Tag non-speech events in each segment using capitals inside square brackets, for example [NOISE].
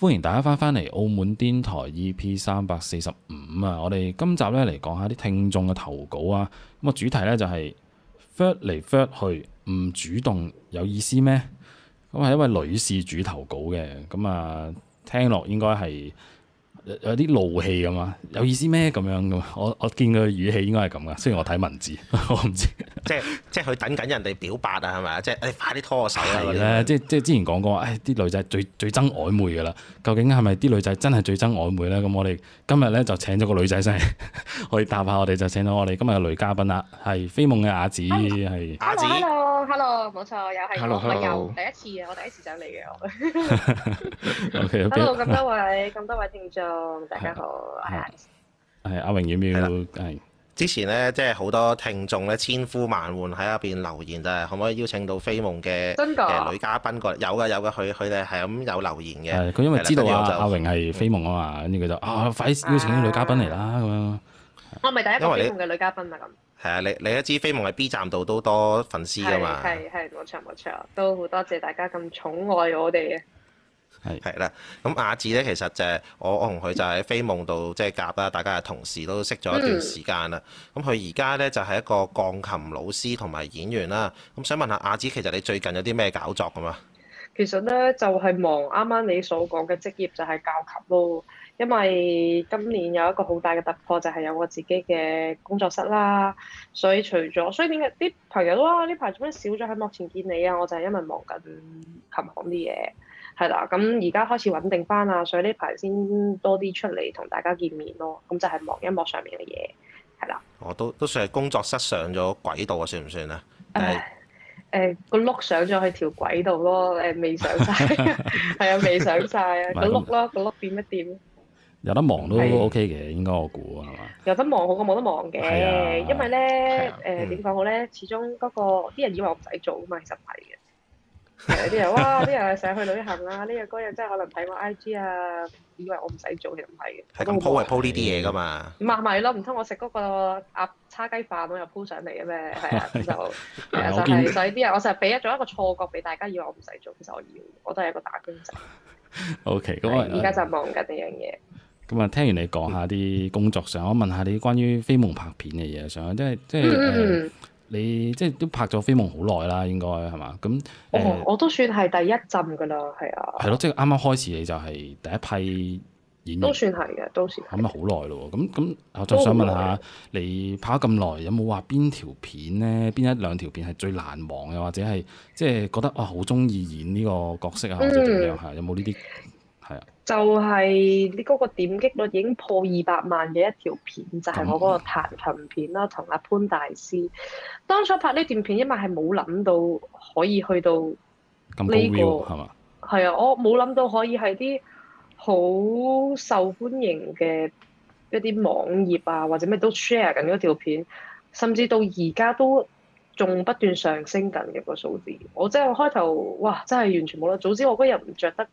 歡迎大家翻返嚟澳門電台 EP 三百四十五啊！我哋今集咧嚟講下啲聽眾嘅投稿啊！咁啊主題咧就係 flirt 嚟 flirt 去唔主動有意思咩？咁係一位女事主投稿嘅，咁啊聽落應該係有啲怒氣咁啊，有意思咩？咁樣咁，我我見佢語氣應該係咁噶。雖然我睇文字，我唔知即。即係即係佢等緊人哋表白啊，係咪啊？即係快啲拖手啊！係啦，即即係之前講過，誒啲女仔最最憎曖昧噶啦。究竟係咪啲女仔真係最憎曖昧咧？咁我哋今日咧就請咗個女仔嚟，可以答下我哋。就請到我哋今日嘅女嘉賓啦，係飛夢嘅呀子，係呀子。Hello，Hello，、啊啊、冇 hello, hello, hello, hello, hello, hello. 錯，又係，又第一次啊！我第一次上嚟嘅，我、okay,。h e 咁多位，咁多位聽眾。大家好，係係，係阿榮要唔要，係。之前咧，即係好多聽眾咧千呼萬喚喺入邊留言，就係可唔可以邀請到飛夢嘅女嘉賓過嚟？有噶有噶，佢佢哋係咁有留言嘅。佢因為知道阿阿榮係飛夢啊嘛，跟住佢就啊，快邀請啲女嘉賓嚟啦咁樣。我咪第一個飛夢嘅女嘉賓啊咁。係啊，你你都知飛夢喺 B 站度都多粉絲噶嘛？係係，冇錯冇錯，都好多謝大家咁寵愛我哋啊！係係啦，咁呀子咧其實就係我我同佢就喺飛夢度即係夾啦，大家係同事都識咗一段時間啦。咁佢而家咧就係一個鋼琴老師同埋演員啦。咁想問下呀子，其實你最近有啲咩搞作咁啊？其實咧就係忙啱啱你所講嘅職業就係教琴咯。因為今年有一個好大嘅突破就係、是、有我自己嘅工作室啦。所以除咗所以點解啲朋友都話呢排做咩少咗喺幕前見你啊？我就係因為忙緊琴行啲嘢。係啦，咁而家開始穩定翻啦，所以呢排先多啲出嚟同大家見面咯。咁就係忙音樂上面嘅嘢，係啦。我都都算係工作室上咗軌道啊，算唔算啊？誒誒，個轆上咗去條軌道咯，誒未上晒！係啊，未上晒啊個轆咯，個轆變一變。有得忙都 OK 嘅，應該我估啊嘛。有得忙好過冇得忙嘅，因為咧誒點講好咧？始終嗰個啲人以為我唔使做啊嘛，其實唔係嘅。有啲人哇，啲人成日去旅行啦，呢樣嗰樣真係可能睇我 I G 啊，以為我唔使做，其實唔係嘅。係咁 po 嚟 po 呢啲嘢噶嘛？咪咪咯，唔通我食嗰個叉雞飯我又 po 上嚟嘅咩？係啊 [LAUGHS] 的，就就係所以啲人 [LAUGHS] 我成日俾一咗一個錯覺俾大家，以為我唔使做，其實我要，我都係一個打工仔。O K，咁啊，而家就忙緊呢樣嘢。咁啊，聽完你講下啲工作上，我問下你關於飛夢拍片嘅嘢上，即係 [LAUGHS] 即係你即係都拍咗《飛夢》好耐啦，應該係嘛？咁，我，呃、我都算係第一陣噶啦，係啊。係咯，即係啱啱開始你就係第一批演員，都算係嘅，都算係。咁咪好耐咯？咁咁，我就想問下你拍咗咁耐，有冇話邊條片咧？邊一兩條片係最難忘嘅，或者係即係覺得哇好中意演呢個角色啊，或者點樣吓？有冇呢啲？就係你嗰個點擊率已經破二百萬嘅一條片，就係我嗰個彈琴片啦，同阿潘大師當初拍呢段片，因為係冇諗到可以去到呢個係嘛？係啊，我冇諗到可以係啲好受歡迎嘅一啲網頁啊，或者咩都 share 緊嗰條片，甚至到而家都仲不斷上升緊嘅個數字。我真係開頭哇，真係完全冇諗，早知我嗰日唔着得。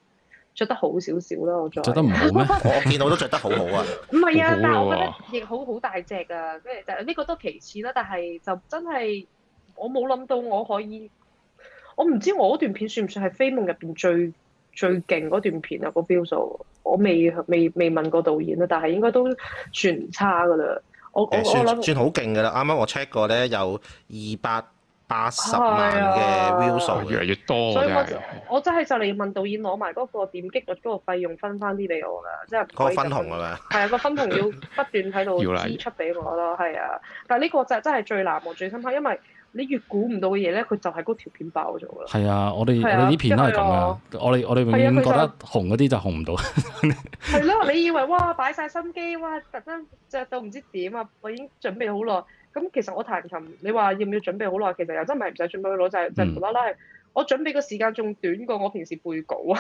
着得好少少啦，我再著得唔好咩？ [LAUGHS] 我見到都着得好好啊！唔係 [LAUGHS] 啊，但係我覺得亦好好大隻啊！跟住就呢個都其次啦，但係就真係我冇諗到我可以，我唔知我嗰段片算唔算係《飛夢》入邊最最勁嗰段片啊？個標數我，我未未未，未問過導演啊，但係應該都算唔差㗎啦。我算我我諗算好勁㗎啦！啱啱我 check 過咧，有二百八十萬嘅 view 數、啊、越嚟越多，我真,我真係就嚟問導演攞埋嗰個點擊率嗰個費用分翻啲俾我啦，即係個分紅㗎啦，係啊、嗰個分紅要不斷喺度支出俾我咯，係了啊，但係呢個就真係最難忘最深刻，因為你越估唔到嘅嘢咧，佢就係嗰條片爆咗啦。係啊，啊我哋我哋啲片都係咁樣，我哋我哋永遠覺得紅嗰啲就紅唔到。係咯、 [LAUGHS] 啊，你以為哇擺晒心機哇，特登著到唔知點啊，我已經準備好耐。咁其實我彈琴，你話要唔要準備好耐？其實又真係唔使準備去攞，就係就無啦啦。我準備個時間仲短過我平時背稿啊！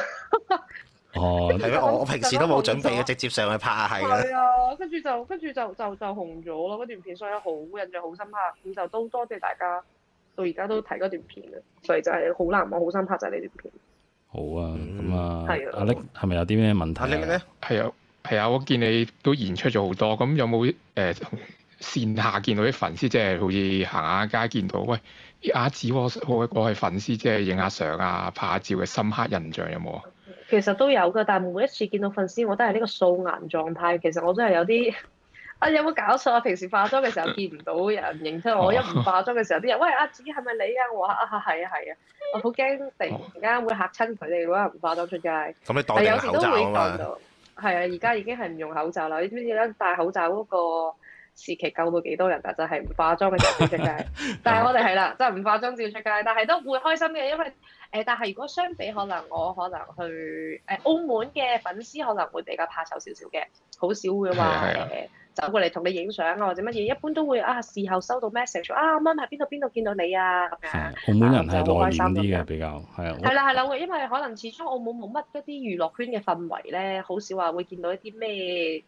哦，係、嗯、我平時都冇準備嘅，了直接上去拍係啦。係啊，跟住就跟住就就就,就紅咗咯，嗰段片，所以好印象，好深刻。咁就都多謝大家到而家都睇嗰段片啊，所以就係好難忘，好深刻就係呢段片。好啊，咁、嗯嗯、啊，的阿力係咪有啲咩問題咧？係啊，係啊，我見你都演出咗好多，咁有冇誒？呃 [LAUGHS] 線下見到啲粉絲，即係好似行下街見到，喂，呀子，我我我係粉絲，即係影下相啊、拍下照嘅深刻印象有冇啊？其實都有㗎，但係每一次見到粉絲，我都係呢個素顏狀態。其實我都係有啲啊，有冇搞錯啊？平時化妝嘅時候見唔到人認出我，一唔化妝嘅時候，啲人喂呀子，係咪你啊？我話啊係啊係啊！我好驚突然間會嚇親佢哋，如果唔化妝出街。咁你戴住口罩啦？係啊，而家已經係唔用口罩啦。你知唔知而戴口罩嗰個時期夠到幾多人㗎？但就係唔化妝嘅人出街，但係我哋係啦，就係唔化妝照出街，但係都會開心嘅，因為誒、呃，但係如果相比，可能我可能去誒、呃、澳門嘅粉絲可能會比較怕醜少少嘅，好少會話誒、呃、走過嚟同你影相啊或者乜嘢，一般都會啊事後收到 message 啊，乜乜喺邊度邊度見到你啊咁樣、嗯。澳門人係開、啊、心啲嘅比較，係啊。係啦係啦，因為可能始終澳門冇乜一啲娛樂圈嘅氛圍咧，好少話會見到一啲咩。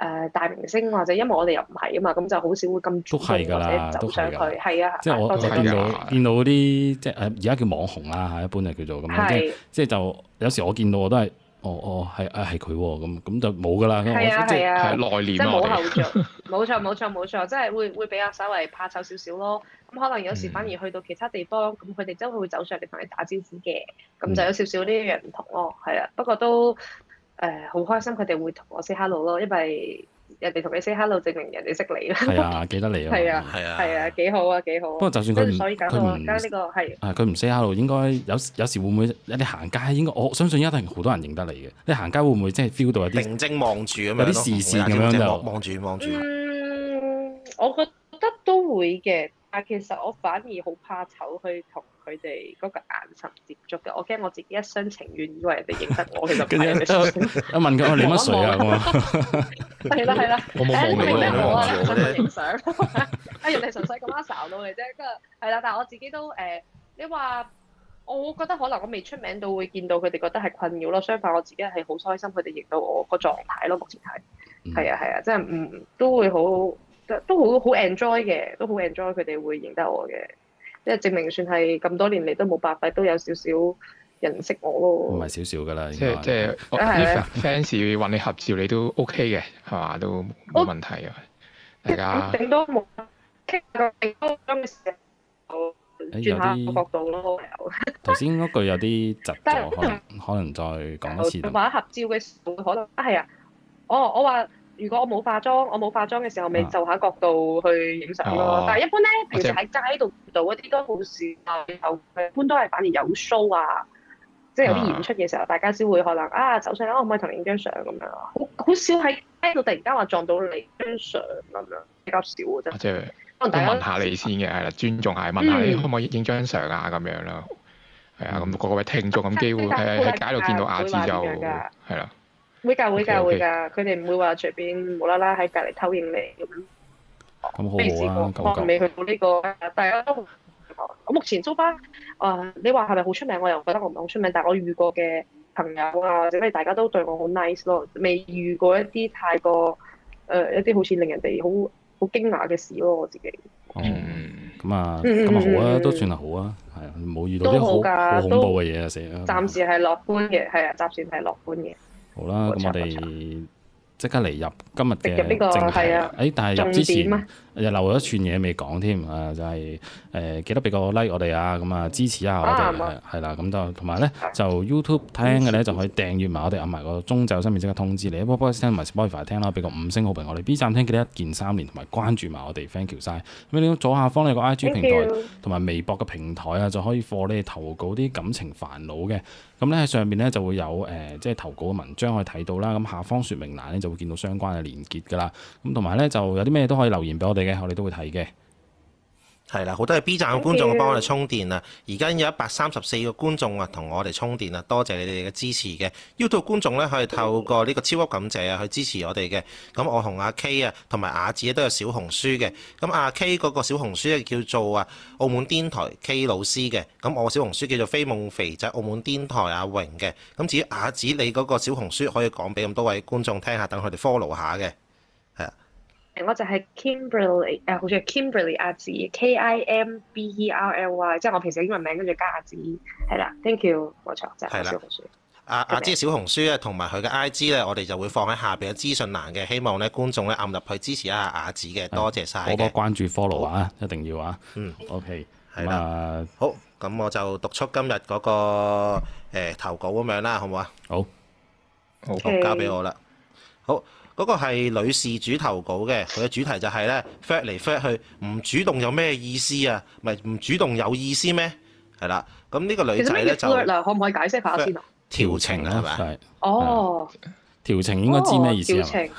誒大明星或者因為我哋又唔係啊嘛，咁就好少會咁主動或者走上去，係啊，即係我見到見到嗰啲即係而家叫網紅啦，一般係叫做咁樣，即係即係就有時我見到我都係，哦哦係啊係佢喎，咁咁就冇噶啦，即係內斂咯，冇錯冇錯冇錯，即係會會比較稍微怕醜少少咯。咁可能有時反而去到其他地方，咁佢哋真係會走上嚟同你打招呼嘅，咁就有少少呢一樣唔同咯，係啦，不過都。誒好、uh, 開心，佢哋會同我 say hello 咯，因為人哋同你 say hello，證明人哋識你啦。係 [LAUGHS] 啊，記得你咯。係 [LAUGHS] 啊，係啊，係啊，幾好啊，幾好，啊。不過就算佢唔，佢唔，啊，佢唔 say hello，應該有有時會唔會？啲行街應該我相信一定好多人認得你嘅。你行街會唔會真係 feel 到有啲正望住咁樣啲視線咁樣望住望住。嗯，我覺得都會嘅。啊，但其實我反而好怕醜，去同佢哋嗰個眼神接觸嘅，我驚我自己一廂情願以為人哋認得我，其實唔係乜水。我問緊我聊乜水？係啦係啦，誒你咩模啊？純粹影相，啊人哋純粹咁樣睄到你啫。跟住係啦，但係我自己都誒，你話我覺得可能我未出名到會見到佢哋覺得係困擾咯。相反，我自己係好開心佢哋認到我個狀態咯。目前係係啊係啊，即係唔都會好。都好好 enjoy 嘅，都好 enjoy 佢哋會認得我嘅，即係證明算係咁多年嚟都冇白費，都有少少人認識我咯。唔係少少㗎啦，即係即係 fans 要揾你合照你都 OK 嘅，係嘛？都冇問題。大家定都冇傾個幾分鐘嘅時候，我轉下個角度咯。頭先嗰句有啲窒咗，可能 [LAUGHS] 但可能再講多次。佢話合照嘅時候，可能，係啊，哦，我話。我如果我冇化妝，我冇化妝嘅時候，咪就下角度去影相咯。啊哦、但係一般咧，平時喺街度遇到嗰啲都好少啊。有，一般都係反而有 show 啊，即係有啲演出嘅時候，大家先會可能啊，走上去可唔可以同你影張相咁樣啊？好少喺街度突然間話撞到你張相咁樣，比較少嘅即係都問下你先嘅，係啦，尊重下，問下你可唔可以影張相啊？咁樣啦，係啊、嗯，咁各位咪聽眾咁機會，係喺街度見到呀子就係啦。會教 okay, okay. 會教會㗎，佢哋唔會話隨便無啦啦喺隔離偷影你咁。咁好好啊！我未去到呢、呢個，大家都我目前租巴啊、呃，你話係咪好出名？我又覺得我唔係好出名，但係我遇過嘅朋友啊，或者係大家都對我好 nice 咯。未遇過一啲太過誒、呃、一啲好似令人哋好好驚訝嘅事咯，我自己。嗯，咁、嗯、啊，咁、嗯、啊、嗯、好啊，都算係好啊，係冇遇到啲好，好、啊、好恐怖嘅嘢啊，成都。都暫時係樂觀嘅，係啊，暫時係樂觀嘅。嗯好啦，咁差我哋即刻嚟入今日嘅正題。入這個、哎，但係入之前又留咗一串嘢未講添啊，就係、是、誒、呃、記得俾個 like 我哋啊，咁啊支持下我哋係啦。咁、啊嗯啊、就同埋咧就 YouTube 聽嘅咧、嗯、就可以訂閱埋我哋、嗯，按埋個鐘就上面即刻通知你 et,、啊。播播聲聽埋，播播聲聽啦，俾個五星好評我哋。B 站聽記得一鍵三連，同埋關注埋我哋 thank you，晒！咁你，你左下方咧個 IG 平台同埋微博嘅平台啊，就可以放你哋投稿啲感情煩惱嘅。咁咧喺上面咧就會有誒、呃，即係投稿嘅文章可以睇到啦。咁下方説明欄咧就會見到相關嘅連結㗎啦。咁同埋咧就有啲咩都可以留言俾我哋嘅，我哋都會睇嘅。係啦，好多係 B 站嘅觀眾幫我哋充電啦，而家有一百三十四個觀眾啊同我哋充電啦，多謝你哋嘅支持嘅。YouTube 觀眾咧，係透過呢個超級感謝啊去支持我哋嘅。咁我同阿 K 啊，同埋呀子咧都有小紅書嘅。咁阿 K 嗰個小紅書咧叫做啊澳門電台 K 老師嘅。咁我小紅書叫做飛夢肥仔澳門電台阿榮嘅。咁至於呀子，你嗰個小紅書可以講俾咁多位觀眾聽下，等佢哋 follow 下嘅，係啊。我就係 Kimberly 誒、啊，好似係 Kimberly 呀子 K I M B E R L Y，即係我平時英文名跟住加呀子，係啦，thank you，冇錯就係啦，小紅書，呀子嘅小紅書咧，同埋佢嘅 I G 咧，我哋就會放喺下邊嘅資訊欄嘅，希望咧觀眾咧按入去支持一下呀子嘅，多謝曬，好多關注的 follow 啊，up, 一定要啊，嗯，OK，係啦，好，咁我就讀出今日嗰、那個、欸、投稿咁樣啦，好唔好啊 Okay.？好，好，交俾我啦，好。嗰個係女事主投稿嘅，佢嘅主題就係咧 f u t 嚟 f u t 去，唔主動有咩意思啊？唔唔主動有意思咩？係啦，咁呢個女仔咧就嗱，可唔可以解釋下先啊？調情啊，係咪？哦，調情應該知咩意思、哦、調情？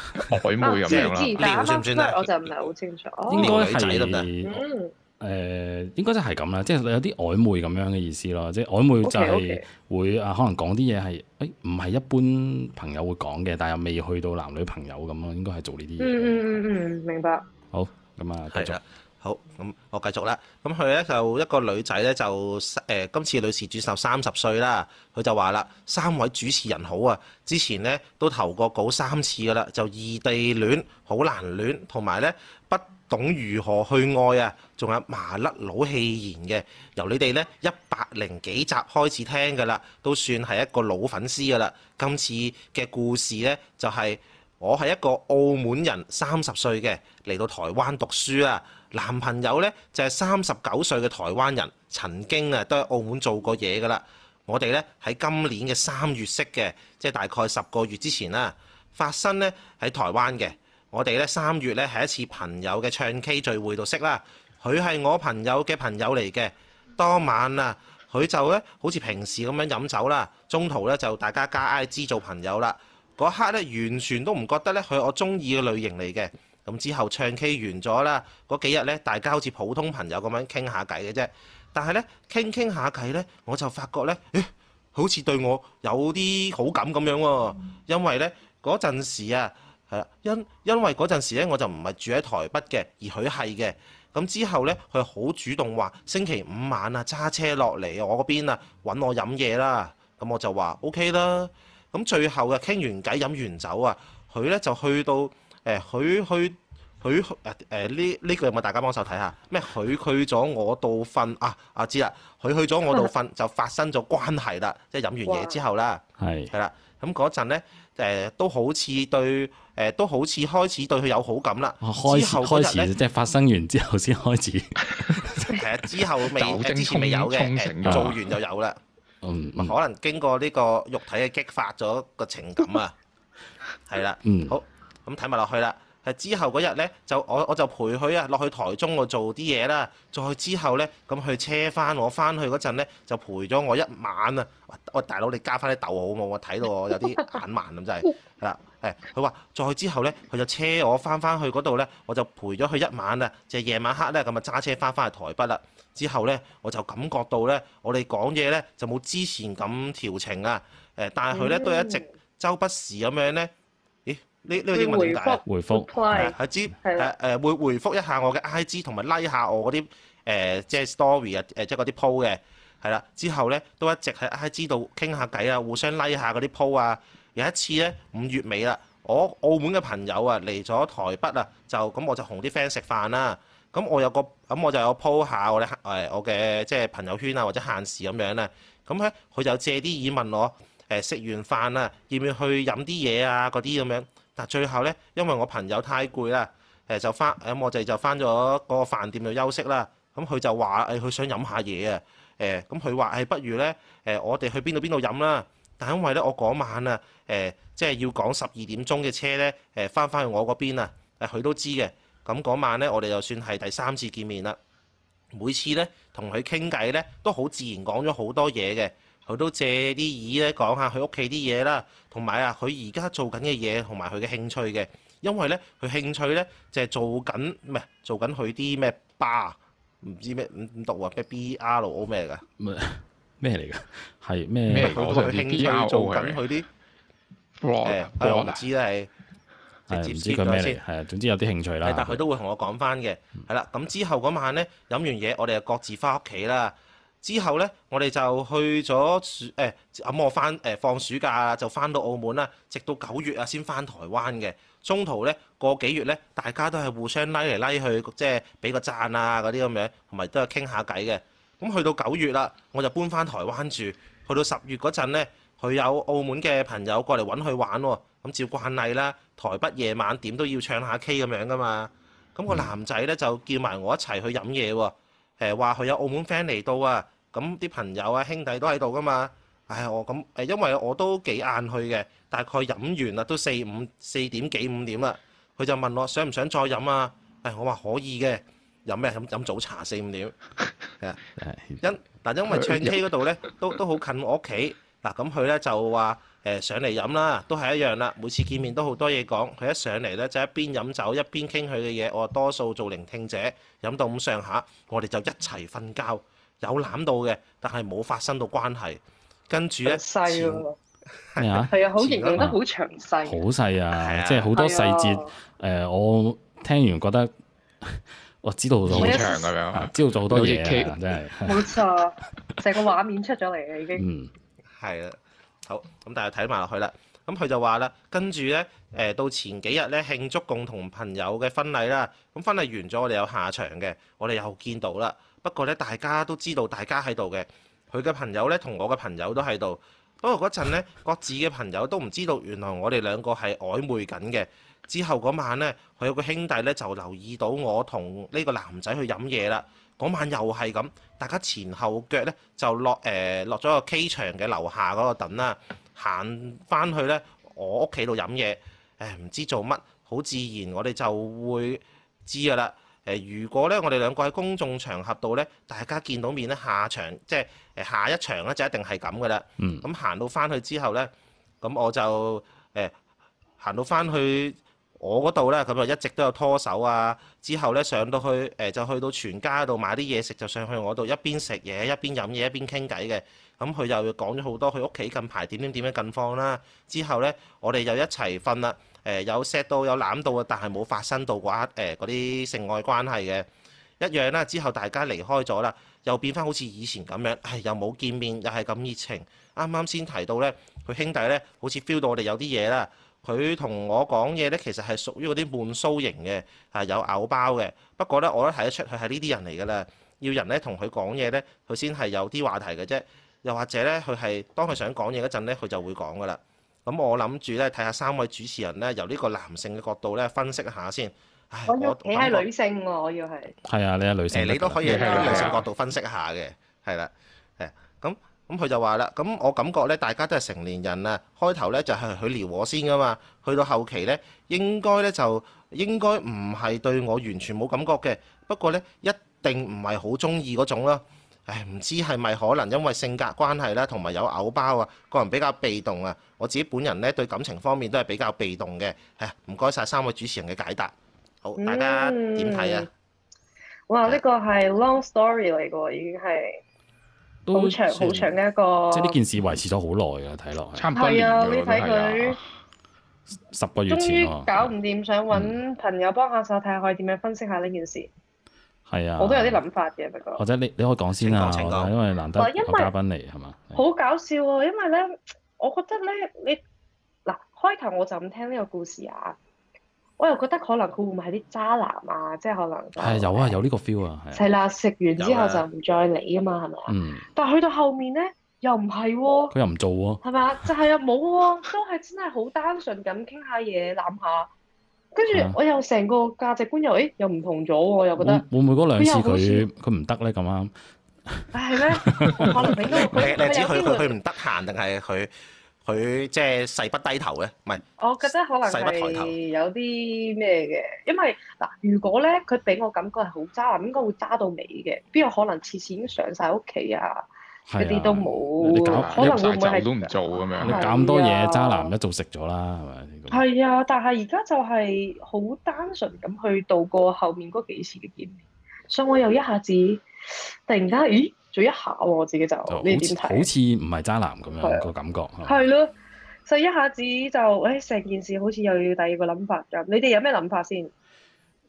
曖昧咁樣啦，自自 [LAUGHS] 算唔算呢？但我就唔係好清楚。女仔得唔得？誒、呃、應該都係咁啦，即係有啲曖昧咁樣嘅意思咯，即係曖昧就係會 okay, okay。啊可能講啲嘢係誒唔係一般朋友會講嘅，但係又未去到男女朋友咁咯，應該係做呢啲嘢。嗯嗯嗯嗯，明白。好，咁啊繼續。好，咁我繼續啦。咁佢咧就一個女仔咧就誒、呃、今次女士主持三十歲啦，佢就話啦，三位主持人好啊，之前咧都投過稿三次㗎啦，就異地戀好難戀，同埋咧不懂如何去愛啊，仲有麻甩佬戲言嘅，由你哋咧一百零幾集開始聽嘅啦，都算係一個老粉絲嘅啦。今次嘅故事咧，就係我係一個澳門人，三十歲嘅嚟到台灣讀書啦。男朋友咧就係三十九歲嘅台灣人，曾經啊都喺澳門做過嘢嘅啦。我哋咧喺今年嘅三月識嘅，即係大概十個月之前啦，發生咧喺台灣嘅。我哋咧三月咧係一次朋友嘅唱 K 聚會度識啦，佢係我朋友嘅朋友嚟嘅。當晚啊，佢就咧好似平時咁樣飲酒啦，中途咧就大家加 I G 做朋友啦。嗰刻咧完全都唔覺得咧佢係我中意嘅類型嚟嘅。咁之後唱 K 完咗啦，嗰幾日咧大家好似普通朋友咁樣傾下偈嘅啫。但係咧傾傾下偈咧，我就發覺咧，咦，好似對我有啲好感咁樣喎。因為咧嗰陣時啊。係啦，因因為嗰陣時咧，我就唔係住喺台北嘅，而佢係嘅。咁之後咧，佢好主動話星期五晚啊，揸車落嚟我嗰邊啊，搵我飲嘢啦。咁我就話 OK 啦。咁最後嘅傾完偈飲完酒啊，佢咧就去到誒，佢、欸、去佢誒誒呢呢句有冇大家幫手睇下？咩？佢去咗我度瞓啊！啊知啦，佢去咗我度瞓就發生咗關係啦，即係飲完嘢之後啦，係係啦。咁嗰陣咧。誒都好似對，誒都好似開始對佢有好感啦。之後開始即係發生完之後先開始，係啊，之後未，之前未有嘅做完就有啦。嗯，可能經過呢個肉體嘅激發咗個情感啊，係啦。嗯，好，咁睇埋落去啦。係之後嗰日咧，就我我就陪佢啊落去台中度做啲嘢啦。再之後咧，咁佢車翻我翻去嗰陣咧，就陪咗我一晚啊！喂、哎、大佬你加翻啲豆好冇？我睇到我有啲眼盲咁就係係啦，誒佢話再之後咧，佢就車我翻翻去嗰度咧，我就陪咗佢一晚啊！就夜、係、晚黑咧咁啊揸車翻翻去台北啦。之後咧我就感覺到咧，我哋講嘢咧就冇之前咁調情啊。誒但係佢咧都係一直周不時咁樣咧。呢呢個英文點回覆，係知誒、誒會回覆一下我嘅 I g 同埋拉下我嗰啲誒，即係 story 啊，誒，即係嗰啲 p 嘅，係啦。之後咧都一直喺 I 知度傾下偈啊，互相拉、like、下嗰啲 po 啊。有一次咧五月尾啦，我澳門嘅朋友啊嚟咗台北啊，就咁我就同啲 friend 食飯啦、啊。咁我有個咁我就有 p 下我嘅誒、哎、我嘅即係朋友圈啊或者限時咁樣咧、啊。咁咧佢就借啲耳問我誒、呃、食完飯啊，要唔要去飲啲嘢啊嗰啲咁樣。最後咧，因為我朋友太攰啦，誒、呃、就翻，咁、呃、我哋就翻咗個飯店度休息啦。咁佢就話誒，佢想飲下嘢啊。誒，咁佢話誒，不如咧，誒、呃、我哋去邊度邊度飲啦。但因為咧，我嗰晚啊，誒、呃、即係要趕十二點鐘嘅車咧，誒翻翻去我嗰邊啊。誒、呃、佢都知嘅。咁、那、嗰、個、晚咧，我哋就算係第三次見面啦。每次咧同佢傾偈咧，都好自然講咗好多嘢嘅。我都借啲耳咧講下佢屋企啲嘢啦，同埋啊，佢而家做緊嘅嘢同埋佢嘅興趣嘅，因為咧佢興趣咧就係、係、做緊，唔係做緊佢啲咩吧，唔知咩唔唔讀啊咩 B R O 咩嘅，咩嚟嘅，係咩？佢嘅興趣做緊佢啲我唔知咧係，唔知佢咩嚟，係啊，總之有啲興趣啦。但佢都會同我講翻嘅，係啦、嗯，咁之後嗰晚咧飲完嘢，我哋就各自翻屋企啦。之後咧，我哋就去咗誒，啱我翻誒放暑假就翻到澳門啦。直到九月啊，先翻台灣嘅。中途咧個幾月咧，大家都係互相拉嚟拉去，即係俾個贊啊嗰啲咁樣，同埋都係傾下偈嘅。咁去到九月啦，我就搬翻台灣住。去到十月嗰陣咧，佢有澳門嘅朋友過嚟揾佢玩喎。咁照慣例啦，台北夜晚點都要唱下 K 咁樣㗎嘛。咁個男仔咧就叫埋我一齊去飲嘢喎。誒話佢有澳門 friend 嚟到啊，咁啲朋友啊兄弟都喺度㗎嘛。唉我咁，誒因為我都幾晏去嘅，大概飲完啦都四五四點幾五點啦，佢就問我想唔想再飲啊？誒我話可以嘅，飲咩飲飲，早茶四五點。係啊， [LAUGHS] 因但因為唱 K 嗰度咧都都好近我屋企。嗱咁佢咧就話誒上嚟飲啦，都係一樣啦。每次見面都好多嘢講。佢一上嚟咧就一邊飲酒一邊傾佢嘅嘢。我多數做聆聽者，飲到咁上下，我哋就一齊瞓覺，有攬到嘅，但係冇發生到關係。跟住咧，細喎。係啊，係啊，好形容得好詳細。好細啊，即係好多細節。誒，我聽完覺得我知道好多嘢咁樣，知道咗好多嘢。真係冇錯，成個畫面出咗嚟嘅已經。係啦，好咁大家睇埋落去啦。咁、嗯、佢就話啦，跟住咧，誒、呃、到前幾日咧慶祝共同朋友嘅婚禮啦。咁、嗯、婚禮完咗，我哋有下場嘅，我哋又見到啦。不過咧，大家都知道大家喺度嘅，佢嘅朋友咧同我嘅朋友都喺度。不過嗰陣咧，各自嘅朋友都唔知道，原來我哋兩個係曖昧緊嘅。之後嗰晚咧，佢有個兄弟咧就留意到我同呢個男仔去飲嘢啦。嗰晚又係咁，大家前後腳咧就落誒、呃、落咗個 K 場嘅樓下嗰個凳啦，行翻去咧我屋企度飲嘢，誒唔知做乜，好自然我哋就會知噶啦。誒、呃、如果咧我哋兩個喺公眾場合度咧，大家見到面咧，下場即係下一場咧就一定係咁噶啦。嗯，咁行到翻去之後咧，咁我就誒行到翻去。我嗰度咧，咁就一直都有拖手啊！之後咧上到去，誒、呃、就去到全家度買啲嘢食，就上去我度一邊食嘢，一邊飲嘢，一邊傾偈嘅。咁、嗯、佢又講咗好多佢屋企近排點點點嘅近況啦。之後咧，我哋又一齊瞓啦。誒、呃、有錫到有攬到，但係冇發生到嗰一誒嗰啲性愛關係嘅一樣啦。之後大家離開咗啦，又變翻好似以前咁樣，哎、又冇見面又係咁熱情。啱啱先提到咧，佢兄弟咧好似 feel 到我哋有啲嘢啦。佢同我講嘢咧，其實係屬於嗰啲悶騷型嘅，係有偶包嘅。不過咧，我都睇得出佢係呢啲人嚟㗎啦。要人咧同佢講嘢咧，佢先係有啲話題嘅啫。又或者咧，佢係當佢想講嘢嗰陣咧，佢就會講㗎啦。咁我諗住咧，睇下三位主持人咧，由呢個男性嘅角度咧，分析下先。唉，你係女性喎，啊，我要係。係啊，你係女性。你都可以由女性角度分析下嘅，係啦，啊，係咁，啊。咁佢就話啦，咁我感覺咧，大家都係成年人啊，開頭咧就係佢撩我先噶嘛，去到後期咧，應該咧就應該唔係對我完全冇感覺嘅，不過咧一定唔係好中意嗰種囉。唉，唔知係咪可能因為性格關係啦，同埋有偶包啊，個人比較被動啊，我自己本人咧對感情方面都係比較被動嘅。唉，唔該晒三位主持人嘅解答。好，大家點睇啊？哇！呢個係 long story 嚟嘅喎，已經係。好長好長嘅一個，即係呢件事維持咗好耐㗎！睇落去，差唔多一年，係啊，你睇佢十個月前，終於搞唔掂，想揾朋友幫下手睇下，可以點樣分析下呢件事？係啊，我都有啲諗法嘅，不過或者你你可以講先啊，因為難得嘉賓嚟係嘛，好搞笑啊！因為咧，我覺得咧，你嗱開頭我就咁聽呢個故事啊。我又覺得可能佢會唔會係啲渣男啊，即、就、係、是、可能係、就是啊、有啊，有呢個 feel 啊，係啦、啊，食完之後就唔再理啊嘛，係咪啊？吧嗯、但係去到後面咧，又唔係喎，佢又唔做喎、啊，係嘛？就係、是、啊，冇喎、啊，都係真係好單純咁傾下嘢，攬下，跟住我又成個價值觀又誒又唔同咗喎，我又覺得會唔會嗰兩次佢佢唔得咧咁啱？唉，咩？可能俾佢佢有啲佢佢唔得閒定係佢。佢即係誓不低頭嘅，唔係。我覺得可能誓不抬頭有啲咩嘅，因為嗱，如果咧佢俾我感覺係好渣男，應該會渣到尾嘅，邊有可能次次已經上晒屋企啊？嗰啲、啊、都冇，搞可能唔會都唔做咁樣，啊、你咁多嘢渣男一早食咗啦，係咪？係啊，但係而家就係好單純咁去度過後面嗰幾次嘅見面，所以我又一下子突然間咦～做一下喎，自己就，就好似唔係渣男咁樣個感覺嚇。係所以一下子就誒成、哎、件事好似又要第二個諗法咁。你哋有咩諗法先？誒、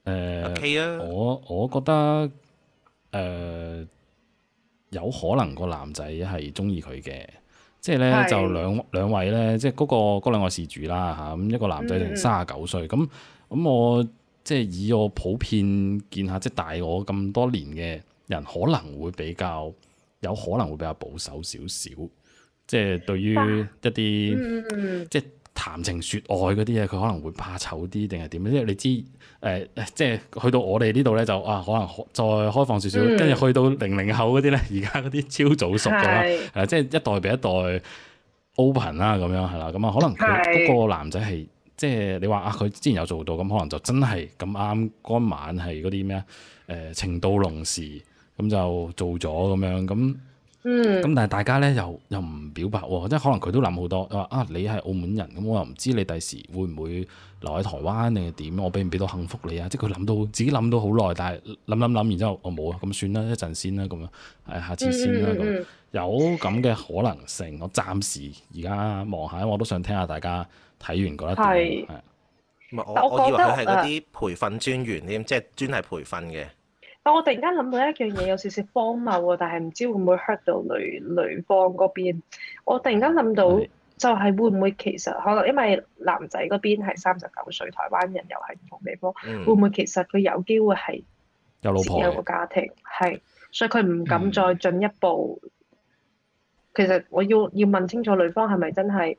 呃，我我覺得誒、呃、有可能個男仔係中意佢嘅，即係咧就兩兩位咧，即係嗰個嗰兩個事主啦嚇。咁一個男仔成三廿九歲，咁咁、嗯、我即係、就是、以我普遍見下，即係大我咁多年嘅。人可能會比較有可能會比較保守少少，即係對於一啲、啊嗯、即係談情説愛嗰啲嘢，佢可能會怕醜啲定係點樣？因為你知誒、呃，即係去到我哋呢度咧，就啊，可能再開放少少。跟住、嗯、去到零零後嗰啲咧，而家嗰啲超早熟嘅啦，即係是、就是、一代比一代 open 啦，咁樣係啦。咁、嗯、啊，可能佢嗰個男仔係即係你話啊，佢之前有做到，咁可能就真係咁啱嗰晚係嗰啲咩啊？誒、呃，情到濃時。咁就做咗咁樣，咁咁但係大家咧又又唔表白喎，即係可能佢都諗好多，佢話啊，你係澳門人，咁我又唔知你第時會唔會留喺台灣定係點，我俾唔俾到幸福你啊？即係佢諗到自己諗到好耐，但係諗諗諗，然之後我冇啊，咁算啦，一陣先啦，咁樣係、哎、下次先啦。嗯嗯嗯，咁有咁嘅可能性，我暫時而家望下，我都想聽下大家睇完嗰一段。係是是，我我我以為佢係嗰啲培訓專員添，啊啊、即係專係培訓嘅。啊！我突然間諗到一樣嘢，有少少荒謬啊，但係唔知會唔會 hurt 到女女方嗰邊。我突然間諗到，就係會唔會其實是可能因為男仔嗰邊係三十九歲，台灣人又係唔同地方，嗯、會唔會其實佢有機會係有老婆、有個家庭，係所以佢唔敢再進一步。嗯、其實我要要問清楚女方係咪真係？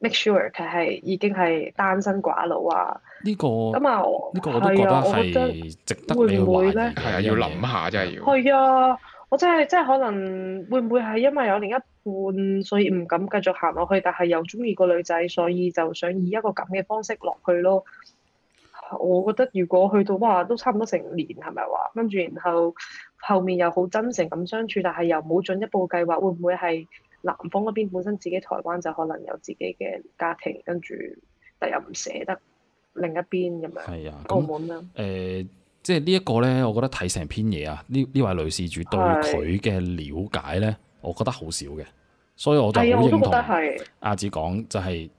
Make sure 佢係已經係單身寡佬啊！呢個咁啊，呢個我都覺得係值得你懷疑，係啊，要諗下真係要。係啊，我真係真係可能會唔會係因為有另一半，所以唔敢繼續行落去，但係又中意個女仔，所以就想以一個咁嘅方式落去咯。我覺得如果去到哇，都差唔多成年係咪話？跟住然後後面又好真誠咁相處，但係又冇進一步計劃，會唔會係？南方嗰邊本身自己台灣就可能有自己嘅家庭，跟住但又唔捨得另一邊咁樣，啊、澳門啦。誒、呃，即係呢一個咧，我覺得睇成篇嘢啊，呢呢位女事主對佢嘅了解咧，我覺得好少嘅，所以我就好認同呀子講就係、是。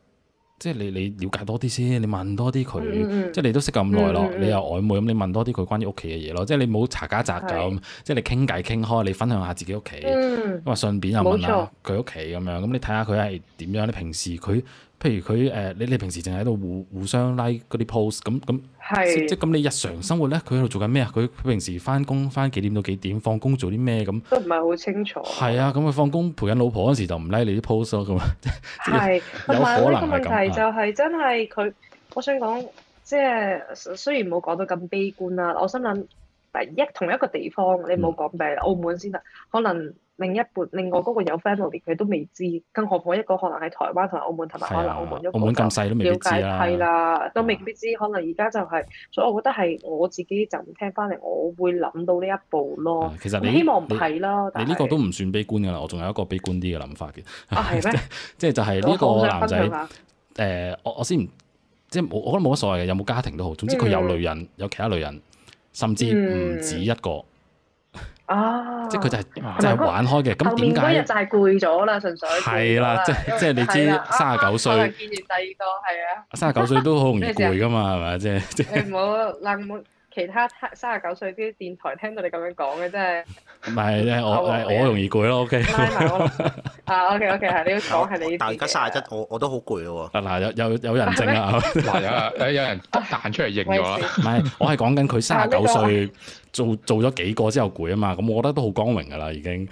即係你你瞭解多啲先，你問多啲佢，嗯、即係你都識咁耐咯，嗯、你又曖昧咁，你問多啲佢關於屋企嘅嘢咯，即係你冇查家宅咁，是即係你傾偈傾開，你分享下自己屋企，咁啊、嗯、順便又問下佢屋企咁樣，咁你睇下佢係點樣，你平時佢。譬如佢誒，你你平時淨喺度互互相拉嗰啲 post 咁咁，即係咁你日常生活咧，佢喺度做緊咩啊？佢佢平時返工返幾點到幾點，放工做啲咩咁？都唔係好清楚。係啊，咁佢放工陪緊老婆嗰時就唔拉、like、你啲 post 咯咁啊。係， [LAUGHS] 有可能咁。同埋咧，個問題就係真係佢，我想講，即係雖然冇講到咁悲觀啦，我心諗。第一同一個地方，你冇講，畀、嗯、澳門先啦。可能另一半、另外嗰個，個有 friend 佢都未知，更何況一個可能喺台灣同埋澳門，同埋可能澳門一個瞭、那、解、個，係啦，都未必知。可能而家就係、是，所以我覺得係我自己就唔聽翻嚟，我會諗到呢一步咯。其實你希望唔係啦，你呢是個都唔算悲觀噶啦。我仲有一個悲觀啲嘅諗法嘅。啊，即係 [LAUGHS] 就係呢個男仔誒、呃，我我先即係冇，我覺得冇乜所謂嘅，有冇家庭都好，總之佢有女人、嗯、人，有其他女人。甚至唔止一個，哦、嗯，啊、即係佢就係就係玩開嘅，咁點解嗰日就係攰咗啦？純粹係啦，即係即係你知三十九歲，見完第二個，三十九歲都好容易攰噶嘛，係咪即唔好難冇。其他三十九歲啲電台聽到你咁樣講嘅真係，唔係即我 [LAUGHS] 我， [LAUGHS] 我好容易攰咯。O K，拉啊，O K O K，係你要講係你。但係而家三十七，我我都好攰喎。嗱、啊，有有有人證啦，啊，誒有人彈出嚟認咗。唔係，我係講緊佢三十九歲。 [LAUGHS] [LAUGHS] 做做咗幾個之後攰啊嘛，咁我覺得都好光榮噶啦，已經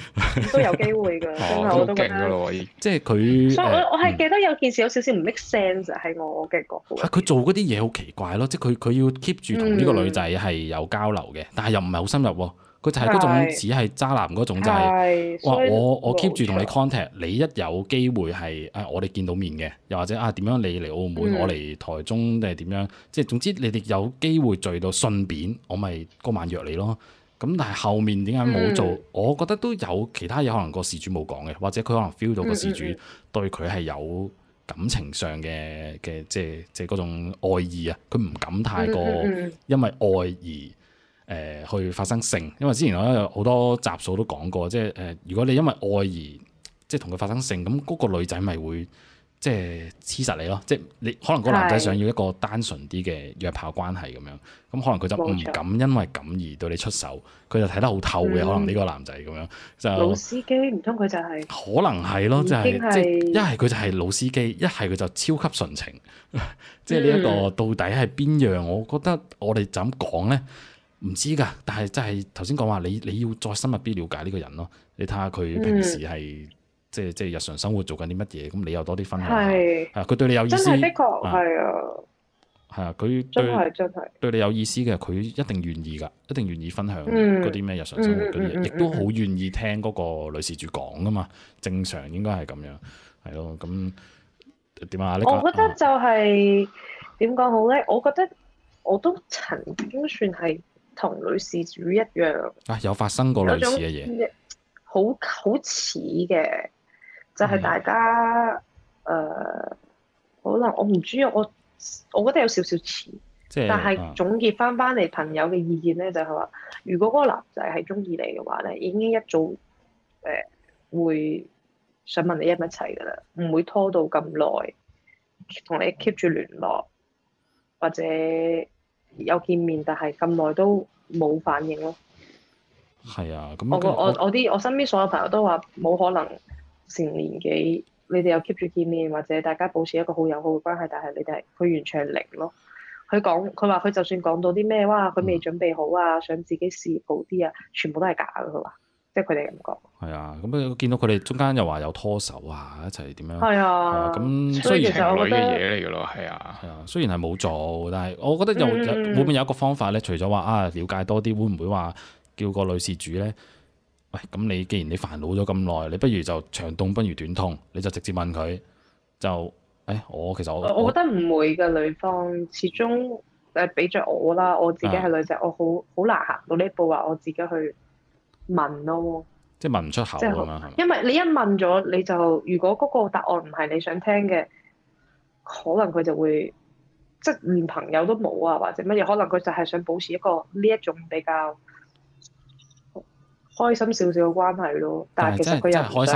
都有機會㗎， [LAUGHS] 我都覺得，即係佢。我我係、呃、記得有件事有少少唔 make sense 喺我嘅角度。佢、啊、做嗰啲嘢好奇怪咯，即係佢佢要 keep 住同呢個女仔係有交流嘅，嗯、但係又唔係好深入喎。佢就係嗰種對只係渣男嗰種、就係，就係話我我 keep 住同錯你 contact，你一有機會係誒、哎、我哋見到面嘅，又或者啊點樣你嚟澳門，我嚟台中定係點樣？即係、嗯、總之你哋有機會聚到，順便我咪嗰晚約你咯。咁但係後面點解冇做？嗯、我覺得都有其他嘢，可能個事主冇講嘅，或者佢可能 feel 到個事主對佢係有感情上嘅嘅，即係即係嗰種愛意啊。佢唔敢太過因為愛而，嗯嗯嗯誒去發生性，因為之前我有好多集數都講過，即係誒如果你因為愛而即係同佢發生性，咁、那、嗰個女仔咪會即係黐實你咯，即係你可能個男仔想要一個單純啲嘅約炮關係咁樣，咁可能佢就唔敢因為咁而對你出手，佢就睇得好透嘅，嗯、可能呢個男仔咁樣就老司機唔通佢就係、是、可能係咯，就是、即係即一係佢就係老司機，一係佢就超級純情， [LAUGHS] 即係呢一個到底係邊樣？我覺得我哋就咁講咧。唔知噶，但係真係頭先講話，你你要再深入啲了解呢個人咯。你睇下佢平時係、嗯、即係即係日常生活做緊啲乜嘢？咁你又多啲分享下。係佢是、嗯、對你有意思，的確係、嗯、啊。係啊，佢真係真係對你有意思嘅，佢一定願意噶，一定願意分享嗰啲咩日常生活嗰啲，亦、嗯嗯嗯嗯、都好願意聽嗰個女事主講噶嘛。正常應該係咁樣，係咯咁點啊？啊你我覺得就係點講好咧？我覺得我都曾經算係。同女事主一樣啊！有發生過類似嘅嘢，好好似嘅，就係、是、大家誒、哎呀呃，可能我唔知我，我覺得有少少似，是但係總結返返嚟朋友嘅意見咧，就係、是、話，如果嗰個男仔係中意你嘅話咧，已經一早誒、呃、會想問你一唔一齊㗎喇，唔會拖到咁耐，同你 keep 住聯絡或者。有見面，但係咁耐都冇反應咯。係啊，我我我啲我，我身邊所有朋友都話冇可能成年幾，你哋又 keep 住見面，或者大家保持一個好友好嘅關係，但係你哋係佢完全係零咯。佢講佢話佢就算講到啲咩，哇！佢未準備好啊，想自己試好啲啊，全部都係假嘅佢話。即係佢哋嘅感覺。係啊，咁啊見到佢哋中間又話有拖手啊，一齊點樣？係啊，咁雖然情侶嘅嘢嚟㗎咯，係啊，係啊。雖然係冇做，但係我覺得又又唔、嗯、會唔會有一個方法咧？除咗話啊，了解多啲，會唔會話叫個女事主咧？喂，咁你既然你煩惱咗咁耐，你不如就長痛不如短痛，你就直接問佢就誒、哎，我其實我我覺得唔會嘅。女方始終誒俾著我啦，我自己係女仔，啊、我好好難行到呢步啊，我自己去。問咯，即係問唔出口咁啦。因為你一問咗，你就如果嗰個答案唔係你想聽嘅，可能佢就會即係連朋友都冇啊，或者乜嘢？可能佢就係想保持一個呢一種比較開心少少嘅關係咯。但係其實佢又唔係